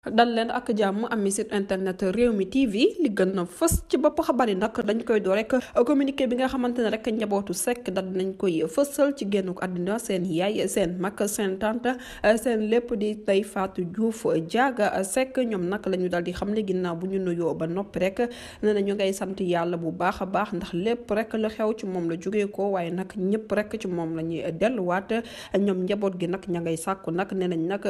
dal leen ak jàmm ami site internet réew mi tv li gën a fës ci bopp xabar yi nag dañ koy doo rek communiqué bi nga xamante ne rek njabootu Seck dal nañ koy fësal ci génnuk àddina seen yaay seen mag seen seen lépp di tey Fatou Diouf Diaga Seck ñoom nag la ñu di xam ne ginnaaw bu ñu nuyoo ba noppi rek nee na ngay sant yàlla bu baax a baax ndax lépp rek la xew ci moom la jógee ko waaye nag ñëpp rek ci moom la ñuy delluwaat ñoom njaboot gi nag ña ngay sàkku nag nee nañ nag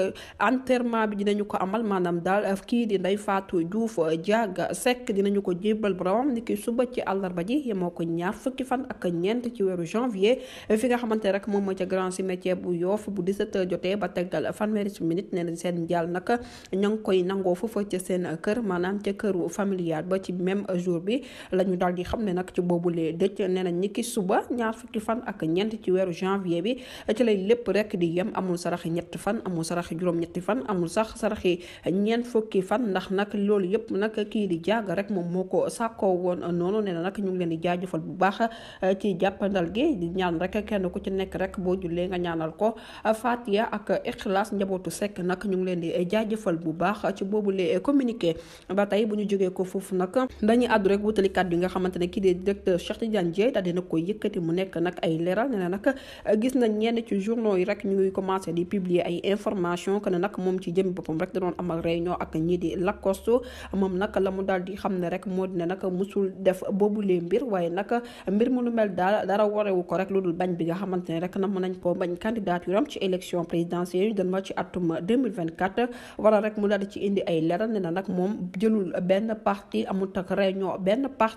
bi dinañu ko amal maanaam daal kii di Ndeye Fatou Diouf eh, Diaga Seck dinañu ko jébbal boromam ni ki suba ci àllarba ji yemoo ko ñaar fukki fan ak ñeent ci weeru janvier eh, fi nga xamante rek moom mooy ca grand cimetière bu Yoff bu 17h jotee ba teggal fanweeri minute nee na seen jaal nag ña ngi koy nangoo foofa ca seen kër maanaam ca këru familial ba ci même jour bi la ñu daal di xam ne nag ci boobulee dëj nee na ñi ki suba ñaar fukki fan ak ñeent ci weeru janvier bi eh, ci lay lépp rek di yem amul saraxi ñett fan amul saraxi juróom-ñetti fan amul sax saraxi ñeent fukki fan ndax nag loolu yëpp nag kii di jàgg rek moom moo ko sàkkoo woon noonu nee na nag ñu ngi leen di jaajëfal bu baax eh, ci jàppandal gi di ñaan rek kenn ku ci nekk rek boo jullee nga ñaanal ko eh, Fatia ak Ixlaas njabootu Seck nag ñu ngi leen di jaajëfal bu baax ci boobu lee communiqué ba tey bu ñu jógee ko foofu nag dañuy àddu rek wutali kàddu yi nga xamante ne kii di directeur Cheikh Tidiane Dièye daal dina ko yëkkati mu nekk nag ay leeral nee na nag eh, gis nañ ñenn ci journaux yi rek ñu ngi commencé di publier ay information que ne moom ci jëm boppam rek da amal réunion ak ñii di Lacoste moom nag la mu daal di xam ne rek moo di ne nag musul def boobulee mbir waaye nag mbir mu nu mel daal dara warewu ko rek lu dul bañ bi nga xamante ne rek na mën nañ koo bañ candidature am ci élection présidentielle yu dama ci atum 2024 wala rek mu daal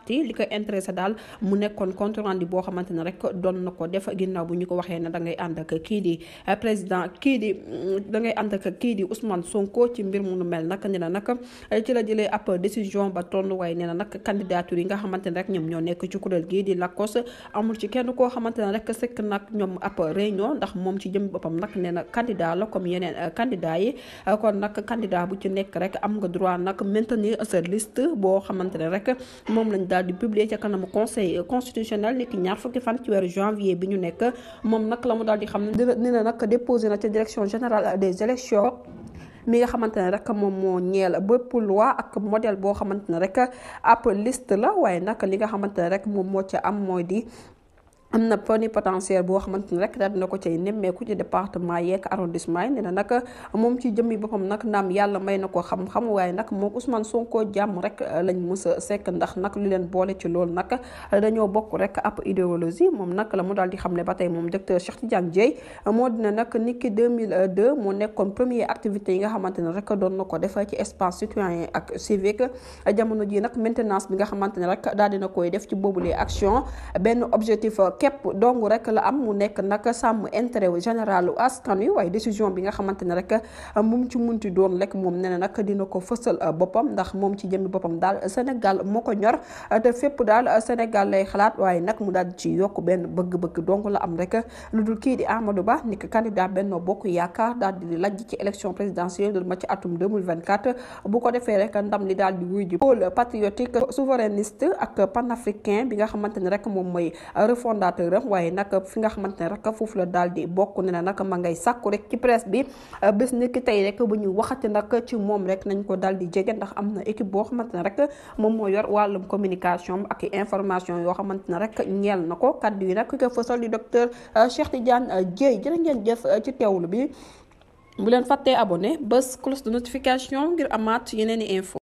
di li ko intéressé daal mu nekkoon compte rendu boo xamante ne rek doon na ko def ginnaaw bu ñu ko waxee ne da ngay ànd ak kii di président kii di da ànd ak kii di Ousmane Sonko ci mbir mu mu nu mel nag nee na nag eh, ci la jëlee ab décision ba tolluwaay nee na nag candidature yi nga xamante ne rek ñoom ñoo nekk ci kuréel gii di LACOS amul ci kenn koo xamante ne rek sekk nag ñoom ab réunion moom ci jëm boppam nag nee na candidat la comme yeneen eh, candidat yi eh, kon nag candidat bu ci nekk rek am nga droit nag maintenir sa liste boo xamante ne rek moom lañ daal di publier ca kanamu conseil constitutionnel niki ñaar fukki fan ci weeru janvier bi ñu nekk moom nag la mu daal di xam ne dina nag déposé na ca direction général des élections mi nga xamante ne rek moom moo ñeel bépp loi ak modèle boo xamante ne rek ab liste la waaye nag li nga xamante ne rek moom moo ca am mooy di am na plénipotentiaire boo xamante rek daal dina ko cay nemmeeku ci département yeek arrondissement yi nee na nag moom ci jëmmi boppam nag naam yàlla may na ko xam-xam waaye nag moom Ousmane Sonko jàmm rek lañ mës a sekk ndax nag lu leen boole ci loolu nag dañoo bokk rek ab idéologie moom nag la mu daal di xamle ba tey moom docteur Cheikh Tidiane Dieye moo dina nag nit ki 2002 moo nekkoon premier activité yi xamante ne rek doon na ko def ci espace citoyen ak civique jamono ji nag maintenance bi nga xamante ne rek daal dina koy def ci boobule action benn objectif képp dong rek la am mu nekk nag sàmm intérêt général askan wi waaye décision bi nga xamante ne rek moom ci munti doon rek moom nee na nag dina ko fësal euh, boppam ndax moom ci jëmmi boppam daal Sénégal moo ko ñor euh, te fépp daal Sénégal lay xalaat waaye nag mu daal ci yokk benn bëgg-bëgg dong la am rek lu dul kii di Amadou Ba nekk candidat Benno Bokk Yaakaar daal di lajj ci élection présidentielle ma ci atum 2024 bu ko defee rek ndam li daal di wuy ji pôle patriotique souverainiste ak panafricain bi nga xamante ne rek moom mooy euh, waaye nag fi nga xamante ne foofu la daal bokk ne na nag ma ngay sàkku rek ci presse bi euh, bés niki tey rek bu ñu waxati nag ci moom rek nañ ko daal di jege ndax am na équipe boo xamante ne rek moom moo yor wàllum communication ak information yoo xamante ne rek ñeel na ko kaddu yi nag ki ko fësal di docteur euh, Cheikh Tidiane euh, Dieye jërë ngeen jëf ci teewlu bi bu leen fàttee abonné bés cloche de notification ngir amaat yeneen info